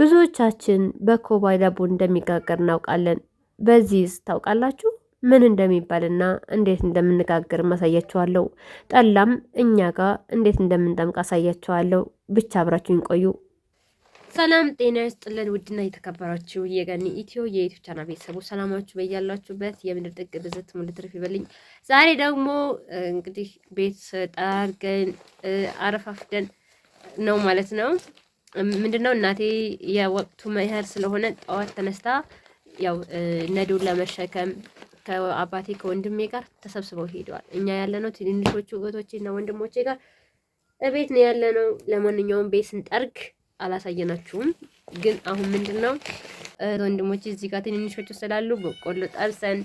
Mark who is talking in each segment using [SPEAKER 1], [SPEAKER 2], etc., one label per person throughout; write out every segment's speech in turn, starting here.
[SPEAKER 1] ብዙዎቻችን በኮባይ ዳቦ እንደሚጋገር እናውቃለን። በዚህ ታውቃላችሁ ምን እንደሚባልና እንዴት እንደምንጋገር ማሳያችኋለሁ። ጠላም እኛ ጋር እንዴት እንደምንጠምቅ አሳያችኋለሁ። ብቻ አብራችሁኝ ቆዩ። ሰላም ጤና ይስጥልን። ውድና የተከበራችሁ የገኒ ኢትዮ የኢትዮ ቻና ቤተሰቡ ሰላማችሁ በያላችሁበት የምድር ጥግ ብዝት ሙሉ ትርፍ ይበልኝ። ዛሬ ደግሞ እንግዲህ ቤት ጠራርገን አረፋፍደን ነው ማለት ነው ምንድነው እናቴ የወቅቱ መኸር ስለሆነ ጠዋት ተነስታ ያው ነዶን ለመሸከም ከአባቴ ከወንድሜ ጋር ተሰብስበው ሄደዋል። እኛ ያለነው ትንንሾቹ እና ወንድሞቼ ጋር እቤት ነው ያለነው። ለማንኛውም ቤት ስንጠርግ አላሳየናችሁም። ግን አሁን ምንድነው ወንድሞቼ እዚህ ጋር ትንንሾቹ ስላሉ በቆሎ ጠብሰን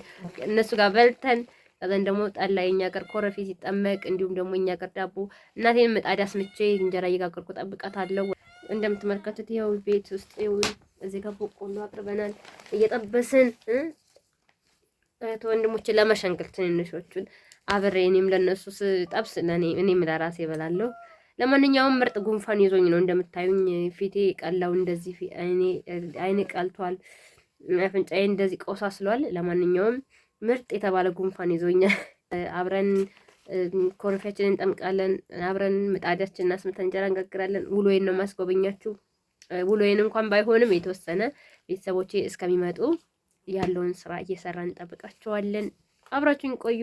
[SPEAKER 1] እነሱ ጋር በልተን ከዛን ደግሞ ጠላ የኛ ቀር ኮረፌ ሲጠመቅ እንዲሁም ደግሞ እኛ ቀር ዳቦ እናቴን ምጣድ አስምቼ እንጀራ እየጋገርኩ ጠብቃታለሁ። እንደምትመለከቱት ይኸው ቤት ውስጥ ይኸው እዚህ ጋር በቆሎ አቅርበናል እየጠበስን ወንድሞችን ለመሸንገል ትንንሾቹን አብሬ እኔም ለነሱ ስጠብስ እኔም ለራሴ እበላለሁ። ለማንኛውም ምርጥ ጉንፋን ይዞኝ ነው እንደምታዩኝ። ፊቴ ቀላው እንደዚህ አይኔ ቀልቷል፣ አፍንጫዬ እንደዚህ ቆሳስሏል። ለማንኛውም ምርጥ የተባለ ጉንፋን ይዞኛል። አብረን ኮረፊያችንን እንጠምቃለን። አብረን ምጣዳችንን አስምተን እንጀራ እንጋግራለን። ውሎዬን ነው ማስጎበኛችሁ። ውሎዬን እንኳን ባይሆንም የተወሰነ ቤተሰቦቼ እስከሚመጡ ያለውን ስራ እየሰራን እንጠብቃቸዋለን። አብራችሁን ቆዩ።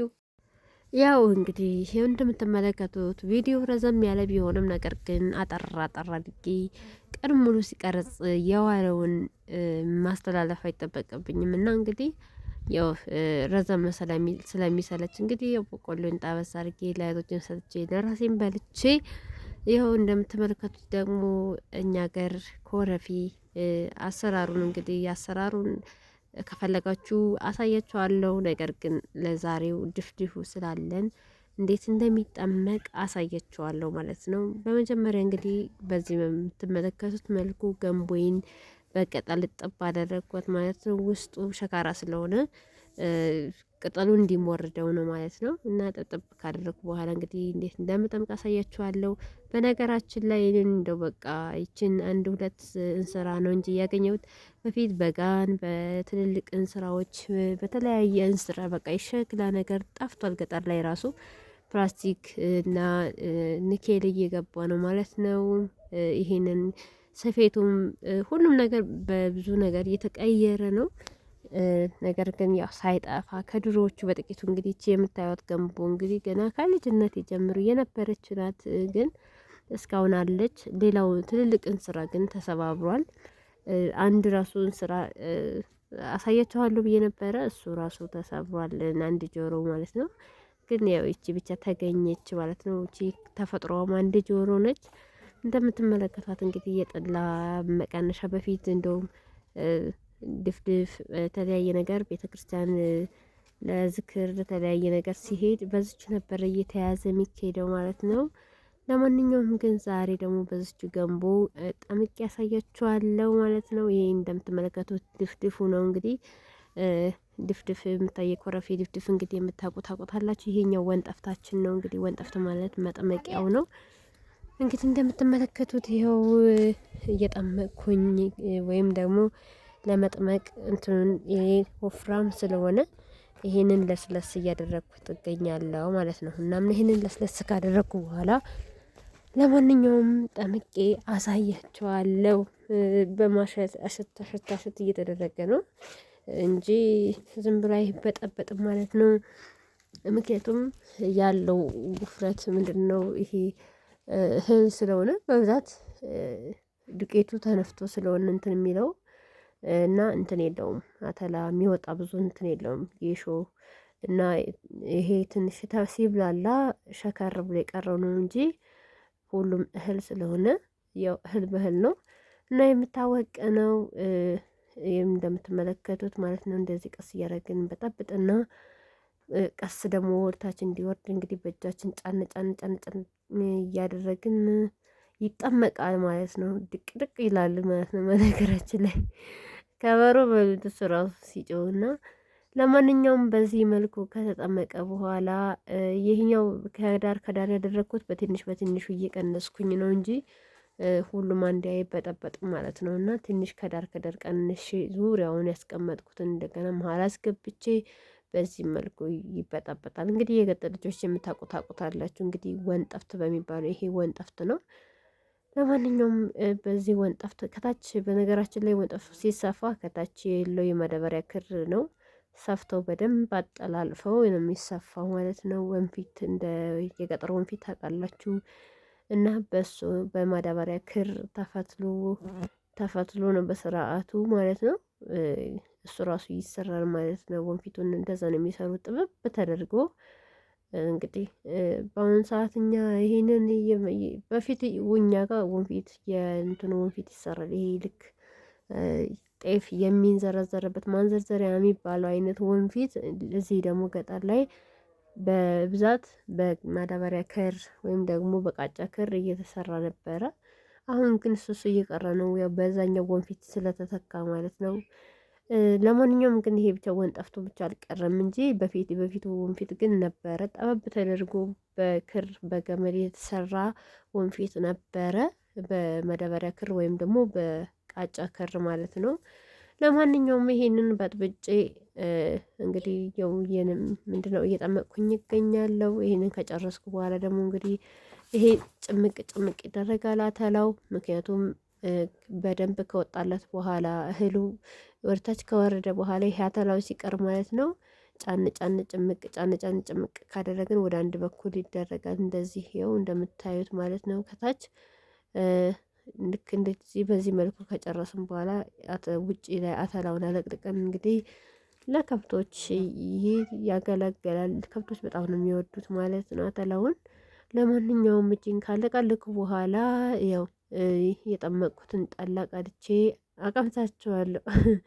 [SPEAKER 2] ያው እንግዲህ ይህ እንደምትመለከቱት ቪዲዮ ረዘም ያለ ቢሆንም ነገር ግን አጠር አጠር አድርጌ ቀን ሙሉ ሲቀርጽ የዋለውን ማስተላለፍ አይጠበቅብኝም እና እንግዲህ ያው ረዘም ስለሚሰለች እንግዲህ ያው በቆሎን ጣበስ አርጌ ለአያቶችን ሰጥቼ ለራሴን በልቼ ይኸው እንደምትመለከቱት ደግሞ እኛ ገር ኮረፊ አሰራሩን እንግዲህ አሰራሩን ከፈለጋችሁ አሳያችኋለሁ። ነገር ግን ለዛሬው ድፍድፉ ስላለን እንዴት እንደሚጠመቅ አሳያችኋለሁ ማለት ነው። በመጀመሪያ እንግዲህ በዚህ በምትመለከቱት መልኩ ገንቦይን በቅጠል ጥብ አደረግኩት ማለት ነው። ውስጡ ሸካራ ስለሆነ ቅጠሉ እንዲሞርደው ነው ማለት ነው። እና ጥብጥብ ካደረግኩ በኋላ እንግዲህ እንዴት እንደምጠምቅ አሳያችኋለሁ። በነገራችን ላይ ይህን እንደው በቃ ይችን አንድ ሁለት እንስራ ነው እንጂ ያገኘሁት በፊት በጋን በትልልቅ እንስራዎች በተለያየ እንስራ በቃ የሸክላ ነገር ጠፍቷል። ገጠር ላይ ራሱ ፕላስቲክ እና ኒኬል እየገባ ነው ማለት ነው። ይሄንን ስፌቱም ሁሉም ነገር በብዙ ነገር እየተቀየረ ነው። ነገር ግን ያው ሳይጠፋ ከድሮዎቹ በጥቂቱ እንግዲህ ይቺ የምታዩት ገንቦ እንግዲህ ገና ከልጅነት የጀምሩ የነበረች ናት፣ ግን እስካሁን አለች። ሌላው ትልልቅ እንስራ ግን ተሰባብሯል። አንድ ራሱ ስራ አሳያችኋለሁ ብዬ ነበረ። እሱ ራሱ ተሰብሯል፣ አንድ ጆሮ ማለት ነው። ግን ያው ይቺ ብቻ ተገኘች ማለት ነው። ይቺ ተፈጥሮም አንድ ጆሮ ነች። እንደምትመለከቷት እንግዲህ የጠላ መቀነሻ በፊት እንደውም ድፍድፍ የተለያየ ነገር ቤተ ክርስቲያን ለዝክር ለተለያየ ነገር ሲሄድ በዝች ነበር እየተያዘ የሚካሄደው ማለት ነው። ለማንኛውም ግን ዛሬ ደግሞ በዝች ገንቦ ጠምቅ ያሳያችኋለው ማለት ነው። ይሄ እንደምትመለከቱት ድፍድፉ ነው እንግዲህ ድፍድፍ የምታየ ኮረፌ ድፍድፍ እንግዲህ የምታውቁ ታውቁታላችሁ። ይሄኛው ወንጠፍታችን ነው እንግዲህ ወንጠፍት ማለት መጠመቂያው ነው። እንግዲህ እንደምትመለከቱት ይኸው እየጠመቅኩኝ ወይም ደግሞ ለመጥመቅ እንትኑን ይሄ ወፍራም ስለሆነ ይሄንን ለስለስ እያደረግኩት እገኛለሁ ማለት ነው። እናም ይሄንን ለስለስ ካደረግኩ በኋላ ለማንኛውም ጠምቄ አሳያቸዋለሁ። በማሸት አሸታ ሸታ ሸት እየተደረገ ነው እንጂ ዝም ብሎ አይበጠበጥም ማለት ነው። ምክንያቱም ያለው ውፍረት ምንድን ነው ይሄ እህል ስለሆነ በብዛት ዱቄቱ ተነፍቶ ስለሆነ እንትን የሚለው እና እንትን የለውም አተላ የሚወጣ ብዙ እንትን የለውም ጌሾ እና ይሄ ትንሽ ሲብላላ ሸከር ብሎ የቀረው ነው እንጂ ሁሉም እህል ስለሆነ ያው እህል በእህል ነው እና የምታወቅ ነው። ይህም እንደምትመለከቱት ማለት ነው። እንደዚህ ቀስ እያደረግን በጠብጥና ቀስ ደግሞ ወርታችን እንዲወርድ እንግዲህ በእጃችን ጫን ጫን ጫን ጫን እያደረግን ይጠመቃል ማለት ነው። ድቅ ድቅ ይላል ማለት ነው። መነገራችን ላይ ከበሮ በሉት እሱ ራሱ እና ለማንኛውም በዚህ መልኩ ከተጠመቀ በኋላ ይህኛው ከዳር ከዳር ያደረግኩት በትንሽ በትንሹ እየቀነስኩኝ ነው እንጂ ሁሉም አንድ አይበጠበጥ ማለት ነው። እና ትንሽ ከዳር ከዳር ቀንሽ ዙሪያውን ያስቀመጥኩትን እንደገና መሀል አስገብቼ በዚህ መልኩ ይበጣበጣል። እንግዲህ የገጠር ልጆች የምታቆታቁታላችሁ እንግዲህ ወንጠፍት በሚባለው ይሄ ወንጠፍት ነው። ለማንኛውም በዚህ ወንጠፍት ከታች በነገራችን ላይ ወንጠፍት ሲሰፋ ከታች የለው የማዳበሪያ ክር ነው። ሰፍተው በደንብ አጠላልፈው ነው የሚሰፋው ማለት ነው። ወንፊት እንደ የገጠር ወንፊት ታውቃላችሁ። እና በሱ በማዳበሪያ ክር ተፈትሎ ተፈትሎ ነው በስርዓቱ ማለት ነው። እሱ ራሱ ይሰራል ማለት ነው። ወንፊቱን እንደዛ ነው የሚሰሩት ጥበብ ተደርጎ እንግዲህ በአሁኑ ሰዓት እኛ ይሄንን በፊት እኛ ጋር ወንፊት የእንትኑ ወንፊት ይሰራል። ይሄ ልክ ጤፍ የሚንዘረዘርበት ማንዘርዘሪያ የሚባለው አይነት ወንፊት፣ እዚህ ደግሞ ገጠር ላይ በብዛት በማዳበሪያ ክር ወይም ደግሞ በቃጫ ክር እየተሰራ ነበረ። አሁን ግን እሱ እሱ እየቀረ ነው፣ ያው በዛኛው ወንፊት ስለተተካ ማለት ነው። ለማንኛውም ግን ይሄ ብቻ ወን ጠፍቶ ብቻ አልቀረም እንጂ በፊት በፊቱ ወንፊት ግን ነበረ። ጠበብ ተደርጎ በክር በገመድ የተሰራ ወንፊት ነበረ፣ በመዳበሪያ ክር ወይም ደግሞ በቃጫ ክር ማለት ነው። ለማንኛውም ይሄንን በጥብጬ እንግዲህ ምንድነው እየጠመቅኩኝ ይገኛለሁ። ይሄንን ከጨረስኩ በኋላ ደግሞ እንግዲህ ይሄ ጭምቅ ጭምቅ ይደረጋል አተላው። ምክንያቱም በደንብ ከወጣለት በኋላ እህሉ ወደታች ከወረደ በኋላ ይሄ አተላው ሲቀር ማለት ነው። ጫን ጫን ጭምቅ ጫን ጫን ጭምቅ ካደረግን ወደ አንድ በኩል ይደረጋል። እንደዚህ ይኸው እንደምታዩት ማለት ነው። ከታች ልክ እንደዚህ በዚህ መልኩ ከጨረስን በኋላ ውጭ ላይ አተላውን አለቅልቀን እንግዲህ ለከብቶች ይህ ያገለግላል። ከብቶች በጣም ነው የሚወዱት ማለት ነው አተላውን። ለማንኛውም እጅን ካለቃልክ በኋላ ያው የጠመቅኩትን ጠላ ቀድቼ አቀምሳቸዋለሁ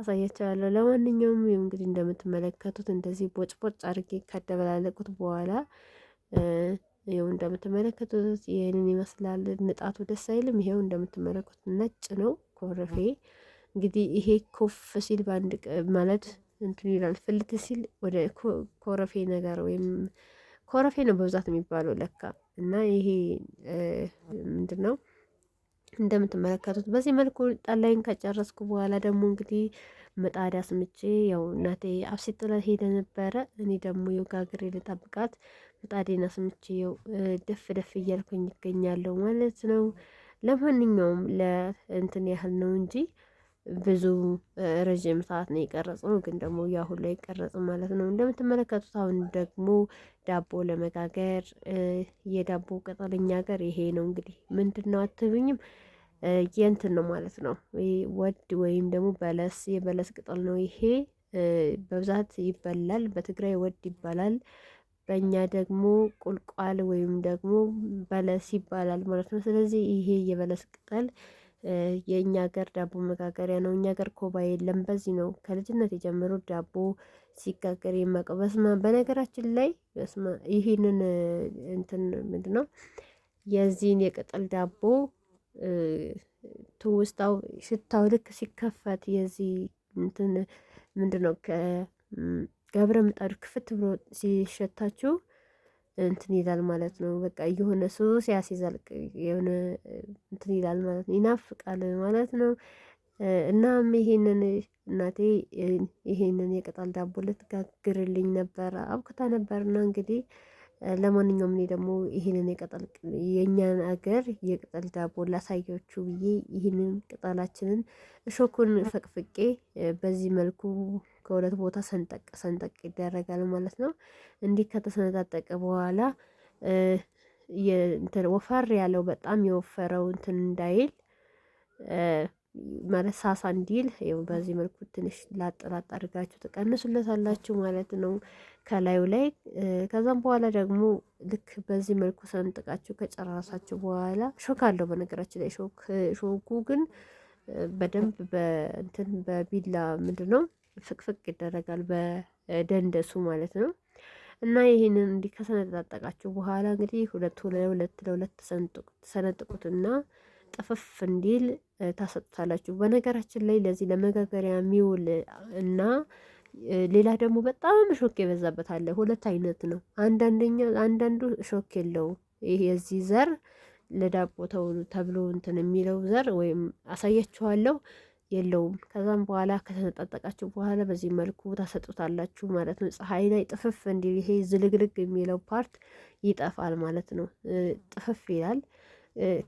[SPEAKER 2] አሳያቸዋለሁ። ለማንኛውም እንግዲህ እንደምትመለከቱት እንደዚህ ቦጭ ቦጭ አድርጌ ካደበላለቁት በኋላ ይኸው እንደምትመለከቱት ይህንን ይመስላል። ንጣቱ ደስ አይልም? ይሄው እንደምትመለከቱት ነጭ ነው ኮረፌ። እንግዲህ ይሄ ኮፍ ሲል በአንድ ማለት እንትን ይላል፣ ፍልት ሲል ወደ ኮረፌ ነገር ወይም ኮረፌ ነው በብዛት የሚባለው ለካ እና ይሄ ምንድን ነው እንደምትመለከቱት በዚህ መልኩ ጠላይን ከጨረስኩ በኋላ ደግሞ እንግዲህ ምጣድ አስምቼ ያው እናቴ አብሲት ጥላ ሄደ ነበረ። እኔ ደግሞ የጋግሬ ልጠብቃት ምጣዴን አስምቼ ያው ደፍ ደፍ እያልኩኝ ይገኛለሁ ማለት ነው። ለማንኛውም ለእንትን ያህል ነው እንጂ ብዙ ረዥም ሰዓት ነው የቀረጽነው፣ ግን ደግሞ ያው ላይ አይቀረጽም ማለት ነው። እንደምትመለከቱት አሁን ደግሞ ዳቦ ለመጋገር የዳቦ ቅጠልኛ ገር ይሄ ነው እንግዲህ ምንድን ነው አትብኝም የንትን ነው ማለት ነው። ወድ ወይም ደግሞ በለስ የበለስ ቅጠል ነው ይሄ። በብዛት ይበላል። በትግራይ ወድ ይባላል። በእኛ ደግሞ ቁልቋል ወይም ደግሞ በለስ ይባላል ማለት ነው። ስለዚህ ይሄ የበለስ ቅጠል የእኛ ሀገር ዳቦ መጋገሪያ ነው። እኛ ሀገር ኮባ የለም። በዚህ ነው ከልጅነት የጀምሮ ዳቦ ሲጋገር የማውቀው። በስመ በነገራችን ላይ በስመ ይህንን እንትን ምንድን ነው የዚህን የቅጠል ዳቦ ትውስታው ሽታው ልክ ሲከፈት የዚህ እንትን ምንድን ነው ከገብረ ምጣዱ ክፍት ብሎ ሲሸታችሁ እንትን ይላል ማለት ነው። በቃ የሆነ ሱስ ያስይዛል፣ የሆነ እንትን ይላል ማለት ነው። ይናፍቃል ማለት ነው። እናም ይሄንን እናቴ ይሄንን የቅጠል ዳቦ ልትጋግርልኝ ነበረ አብኩታ ነበርና እንግዲህ ለማንኛውም እኔ ደግሞ ይህንን የቅጠል የእኛን አገር የቅጠል ዳቦ ላሳያችሁ ብዬ ይህንን ቅጠላችንን እሾኩን ፈቅፍቄ በዚህ መልኩ ከሁለት ቦታ ሰንጠቅ ሰንጠቅ ይደረጋል ማለት ነው። እንዲህ ከተሰነጣጠቀ በኋላ ወፈር ያለው በጣም የወፈረው እንትን እንዳይል ማለት ሳሳ እንዲል በዚህ መልኩ ትንሽ ላጠላጥ አድርጋችሁ ትቀንሱለታላችሁ ማለት ነው ከላዩ ላይ። ከዛም በኋላ ደግሞ ልክ በዚህ መልኩ ሰንጥቃችሁ ከጨራሳችሁ በኋላ ሾክ አለው። በነገራችን ላይ ሾክ ሾኩ ግን በደንብ በእንትን በቢላ ምንድን ነው ፍቅፍቅ ይደረጋል በደንደሱ ማለት ነው። እና ይህንን እንዲህ ከሰነጣጠቃችሁ በኋላ እንግዲህ ሁለት ለሁለት ለሁለት ተሰነጥቁትና ጥፍፍ እንዲል ታሰጡታላችሁ። በነገራችን ላይ ለዚህ ለመጋገሪያ የሚውል እና ሌላ ደግሞ በጣም ሾክ የበዛበት አለ። ሁለት አይነት ነው። አንዳንደኛ አንዳንዱ ሾክ የለው ይህ የዚህ ዘር ለዳቦ ተብሎ እንትን የሚለው ዘር ወይም አሳያችኋለሁ። የለውም። ከዛም በኋላ ከተነጣጠቃችሁ በኋላ በዚህ መልኩ ታሰጡታላችሁ ማለት ነው። ፀሐይ ላይ ጥፍፍ እንዲል ይሄ ዝልግልግ የሚለው ፓርት ይጠፋል ማለት ነው። ጥፍፍ ይላል።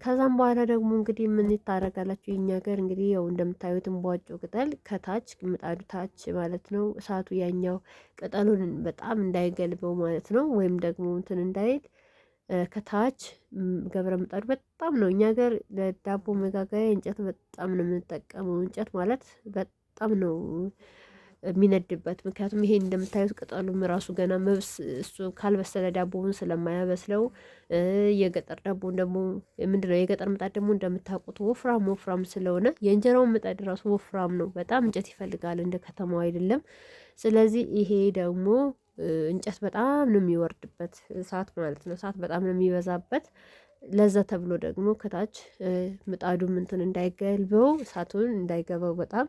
[SPEAKER 2] ከዛም በኋላ ደግሞ እንግዲህ ምን ይታረጋላችሁ? የኛ ሀገር እንግዲህ ያው እንደምታዩት እንቧጮ ቅጠል ከታች ምጣዱ ታች ማለት ነው። እሳቱ ያኛው ቅጠሉን በጣም እንዳይገልበው ማለት ነው። ወይም ደግሞ እንትን እንዳይል ከታች ገብረ ምጣዱ በጣም ነው እኛ ገር ለዳቦ መጋገያ እንጨት በጣም ነው የምንጠቀመው። እንጨት ማለት በጣም ነው የሚነድበት። ምክንያቱም ይሄ እንደምታዩት ቅጠሉም ራሱ ገና መብስ እሱ ካልበሰለ ዳቦውን ስለማያበስለው የገጠር ዳቦን ደግሞ ምንድነው የገጠር ምጣድ ደግሞ እንደምታውቁት ወፍራም ወፍራም ስለሆነ የእንጀራውን ምጣድ ራሱ ወፍራም ነው። በጣም እንጨት ይፈልጋል፣ እንደ ከተማው አይደለም። ስለዚህ ይሄ ደግሞ እንጨት በጣም ነው የሚወርድበት እሳት ማለት ነው። እሳት በጣም ነው የሚበዛበት። ለዛ ተብሎ ደግሞ ከታች ምጣዱ ምንትን እንዳይገልበው እሳቱን እንዳይገባው በጣም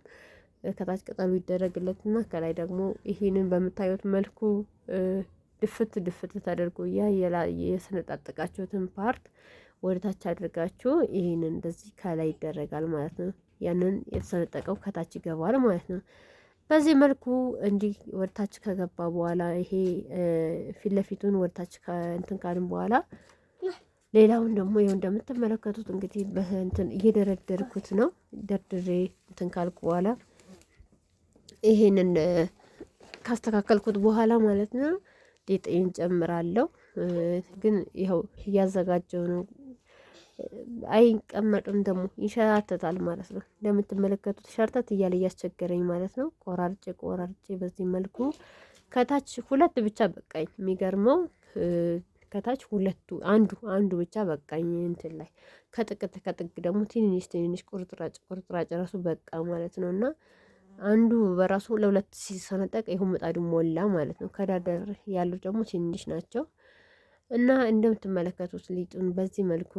[SPEAKER 2] ከታች ቅጠሉ ይደረግለትና ከላይ ደግሞ ይሄንን በምታዩት መልኩ ድፍት ድፍት ተደርጎ ያ የሰነጣጠቃችሁትን ፓርት ወደታች አድርጋችሁ ይህንን እንደዚህ ከላይ ይደረጋል ማለት ነው። ያንን የተሰነጠቀው ከታች ይገባል ማለት ነው። በዚህ መልኩ እንዲህ ወርታች ከገባ በኋላ ይሄ ፊት ለፊቱን ወርታች እንትን ካልን በኋላ ሌላውን ደግሞ ይኸው እንደምትመለከቱት እንግዲህ በእንትን እየደረደርኩት ነው። ደርድሬ እንትን ካልኩ በኋላ ይሄንን ካስተካከልኩት በኋላ ማለት ነው ሊጤን ጨምራለሁ። ግን ይኸው እያዘጋጀው ነው አይቀመጥም ደግሞ ይንሸራተታል ማለት ነው። እንደምትመለከቱት ሸርተት እያለ እያስቸገረኝ ማለት ነው። ቆራርጬ ቆራርጬ በዚህ መልኩ ከታች ሁለት ብቻ በቃኝ። የሚገርመው ከታች ሁለቱ አንዱ አንዱ ብቻ በቃኝ። እንትን ላይ ከጥቅት ከጥግ ደግሞ ትንንሽ ትንንሽ ቁርጥራጭ ቁርጥራጭ ራሱ በቃ ማለት ነው። እና አንዱ በራሱ ለሁለት ሲሰነጠቅ ይሁን ምጣዱ ሞላ ማለት ነው። ከዳደር ያሉት ደግሞ ትንንሽ ናቸው እና እንደምትመለከቱት ሊጡን በዚህ መልኩ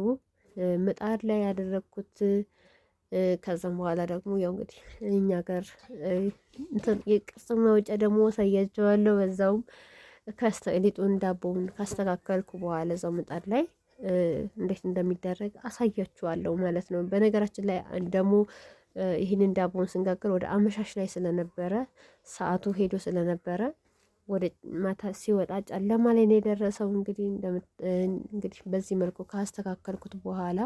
[SPEAKER 2] ምጣድ ላይ ያደረግኩት። ከዛም በኋላ ደግሞ ያው እንግዲህ እኛ ጋር የቅርጽ መውጫ ደግሞ ሳያቸዋለሁ። በዛውም ሊጡን ዳቦውን ካስተካከልኩ በኋላ እዛው ምጣድ ላይ እንዴት እንደሚደረግ አሳያችኋለሁ ማለት ነው። በነገራችን ላይ ደግሞ ይህንን ዳቦውን ስንጋግር ወደ አመሻሽ ላይ ስለነበረ ሰዓቱ ሄዶ ስለነበረ ወደ ማታ ሲወጣ ጨለማ ላይ ነው የደረሰው። እንግዲህ እንግዲህ በዚህ መልኩ ካስተካከልኩት በኋላ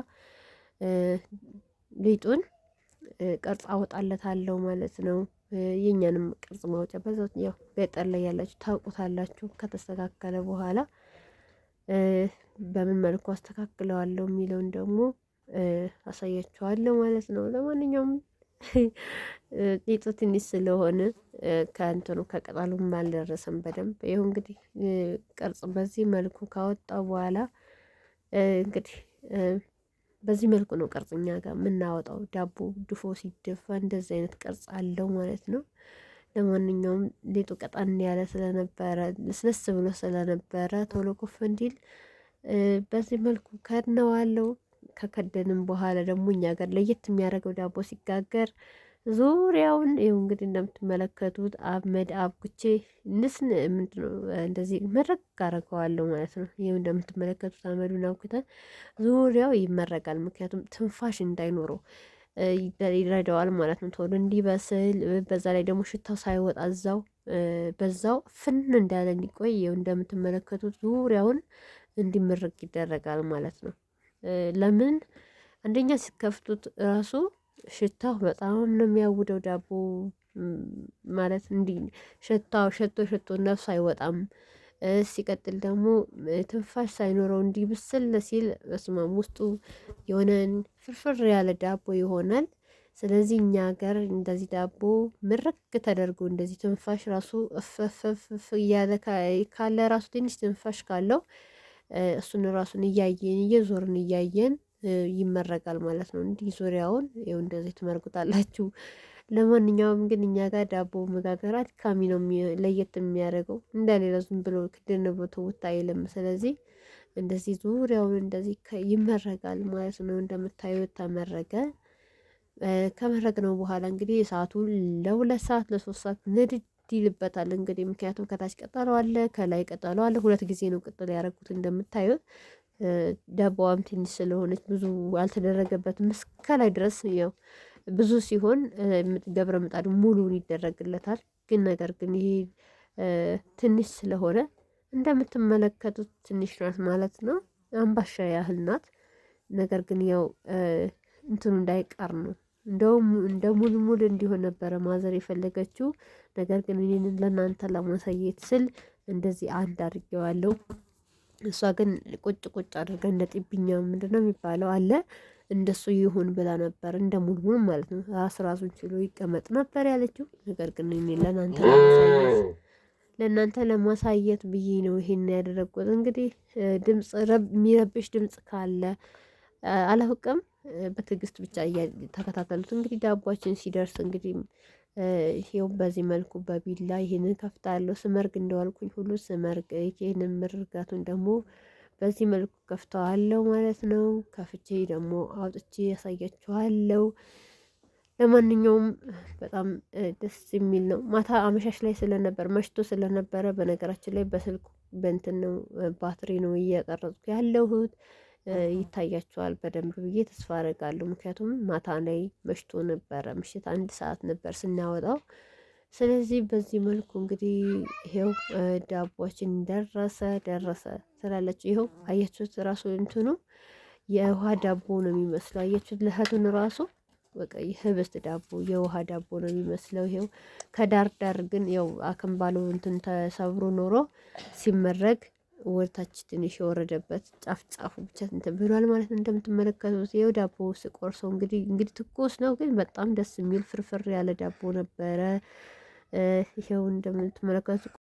[SPEAKER 2] ሊጡን ቅርጽ አወጣለታለሁ ማለት ነው። የእኛንም ቅርጽ ማውጫ በዛው ያው ገጠር ላይ ያላችሁ ታውቁታላችሁ። ከተስተካከለ በኋላ በምን መልኩ አስተካክለዋለሁ የሚለውን ደግሞ አሳያችኋለሁ ማለት ነው። ለማንኛውም ሊጡ ትንሽ ስለሆነ ከእንትኑ ከቅጠሉም አልደረሰም በደንብ። ይሁ እንግዲህ ቅርጽ በዚህ መልኩ ካወጣው በኋላ እንግዲህ በዚህ መልኩ ነው ቅርጽ እኛ ጋር የምናወጣው። ዳቦ ድፎ ሲደፋ እንደዚህ አይነት ቅርጽ አለው ማለት ነው። ለማንኛውም ሊጡ ቀጠን ያለ ስለነበረ ልስልስ ብሎ ስለነበረ ቶሎ ኩፍ እንዲል በዚህ መልኩ ከድነዋለው። ከከደንም በኋላ ደግሞ እኛ ጋር ለየት የሚያደርገው ዳቦ ሲጋገር ዙሪያውን ይኸው እንግዲህ እንደምትመለከቱት አመድ አብኩቼ ንስን ምንድነው እንደዚህ መረቅ አደርገዋለሁ ማለት ነው። ይኸው እንደምትመለከቱት አመዱን አብኩተን ዙሪያው ይመረቃል። ምክንያቱም ትንፋሽ እንዳይኖረው ይረዳዋል ማለት ነው፣ ቶሎ እንዲበስል። በዛ ላይ ደግሞ ሽታው ሳይወጣ እዛው በዛው ፍን እንዳለ እንዲቆይ ይኸው እንደምትመለከቱት ዙሪያውን እንዲመረቅ ይደረጋል ማለት ነው። ለምን አንደኛ ሲከፍቱት ራሱ ሽታው በጣም ነው የሚያውደው። ዳቦ ማለት እንዲህ ሽታው ሸቶ ሸቶ ነፍስ አይወጣም። ሲቀጥል ደግሞ ትንፋሽ ሳይኖረው እንዲህ ብስል ሲል በስማም ውስጡ የሆነን ፍርፍር ያለ ዳቦ ይሆናል። ስለዚህ እኛ ሀገር እንደዚህ ዳቦ ምርክ ተደርጎ እንደዚህ ትንፋሽ ራሱ እፍፍፍ እያለ ካለ ራሱ ትንሽ ትንፋሽ ካለው እሱን ራሱን እያየን እየዞርን እያየን ይመረቃል ማለት ነው። እንዲህ ዙሪያውን ይኸው እንደዚህ ትመርቁታላችሁ። ለማንኛውም ግን እኛ ጋር ዳቦ መጋገር አድካሚ ነው፣ ለየት የሚያደርገው እንደሌላ ዝም ብሎ ክድን ውታ አይልም። ስለዚህ እንደዚህ ዙሪያውን እንደዚህ ይመረጋል ማለት ነው። እንደምታዩት ተመረቀ። ከመረቅነው በኋላ እንግዲህ ሰዓቱን ለሁለት ሰዓት ለሶስት ሰዓት ንድጅ ይልበታል እንግዲህ ምክንያቱም ከታች ቀጠሎ አለ፣ ከላይ ቀጠሎ አለ። ሁለት ጊዜ ነው ቅጠል ያደረጉት እንደምታዩት። ዳቦዋም ትንሽ ስለሆነች ብዙ አልተደረገበትም። እስከላይ ድረስ ያው ብዙ ሲሆን ገብረ ምጣዱ ሙሉን ይደረግለታል። ግን ነገር ግን ይሄ ትንሽ ስለሆነ እንደምትመለከቱት ትንሽ ናት ማለት ነው። አምባሻ ያህል ናት። ነገር ግን ያው እንትኑ እንዳይቀር ነው እንደውም እንደ ሙልሙል እንዲሆን ነበረ ማዘር የፈለገችው። ነገር ግን እኔን ለእናንተ ለማሳየት ስል እንደዚህ አንድ አድርጌዋለሁ። እሷ ግን ቁጭ ቁጭ አድርጋ እንደ ጢብኛ ምንድን ነው የሚባለው አለ እንደሱ ይሁን ብላ ነበር። እንደ ሙልሙል ማለት ነው። ራስ ራሱን ችሎ ይቀመጥ ነበር ያለችው። ነገር ግን እኔ ለእናንተ ለማሳየት ለእናንተ ለማሳየት ብዬ ነው ይሄን ያደረጉት እንግዲህ ድምፅ የሚረብሽ ድምፅ ካለ አላውቅም። በትዕግስት ብቻ ተከታተሉት። እንግዲህ ዳቧችን ሲደርስ እንግዲህ ይሄው በዚህ መልኩ በቢላ ከፍታ ከፍታለሁ። ስመርግ እንደዋልኩኝ ሁሉ ስመርግ ይሄንን ምርጋቱን ደግሞ በዚህ መልኩ ከፍተዋለሁ ማለት ነው። ከፍቼ ደግሞ አውጥቼ ያሳያችኋለሁ። ለማንኛውም በጣም ደስ የሚል ነው። ማታ አመሻሽ ላይ ስለነበር መሽቶ ስለነበረ በነገራችን ላይ በስልኩ በንትን ነው ባትሪ ነው እየቀረጽኩ ያለሁት። ይታያቸዋል በደንብ ብዬ ተስፋ አደርጋለሁ። ምክንያቱም ማታ ላይ መሽቶ ነበረ፣ ምሽት አንድ ሰዓት ነበር ስናወጣው። ስለዚህ በዚህ መልኩ እንግዲህ ይሄው ዳቦችን ደረሰ ደረሰ ትላለች። ይኸው አያችሁት፣ ራሱ እንትኑ የውሃ ዳቦ ነው የሚመስለው። አያችሁት ለህቱን ራሱ በቃ የህብስት ዳቦ የውሃ ዳቦ ነው የሚመስለው። ይሄው ከዳር ዳር ግን ያው አክምባሉ እንትን ተሰብሮ ኖሮ ሲመረግ ወታች ትንሽ የወረደበት ጫፍ ጫፉ ብቻ እንትን ብሏል ማለት ነው። እንደምትመለከቱት ይኸው ዳቦ ስቆርሰው እንግዲህ እንግዲህ ትኩስ ነው፣ ግን በጣም ደስ የሚል ፍርፍር ያለ ዳቦ ነበረ። ይኸው እንደምትመለከቱት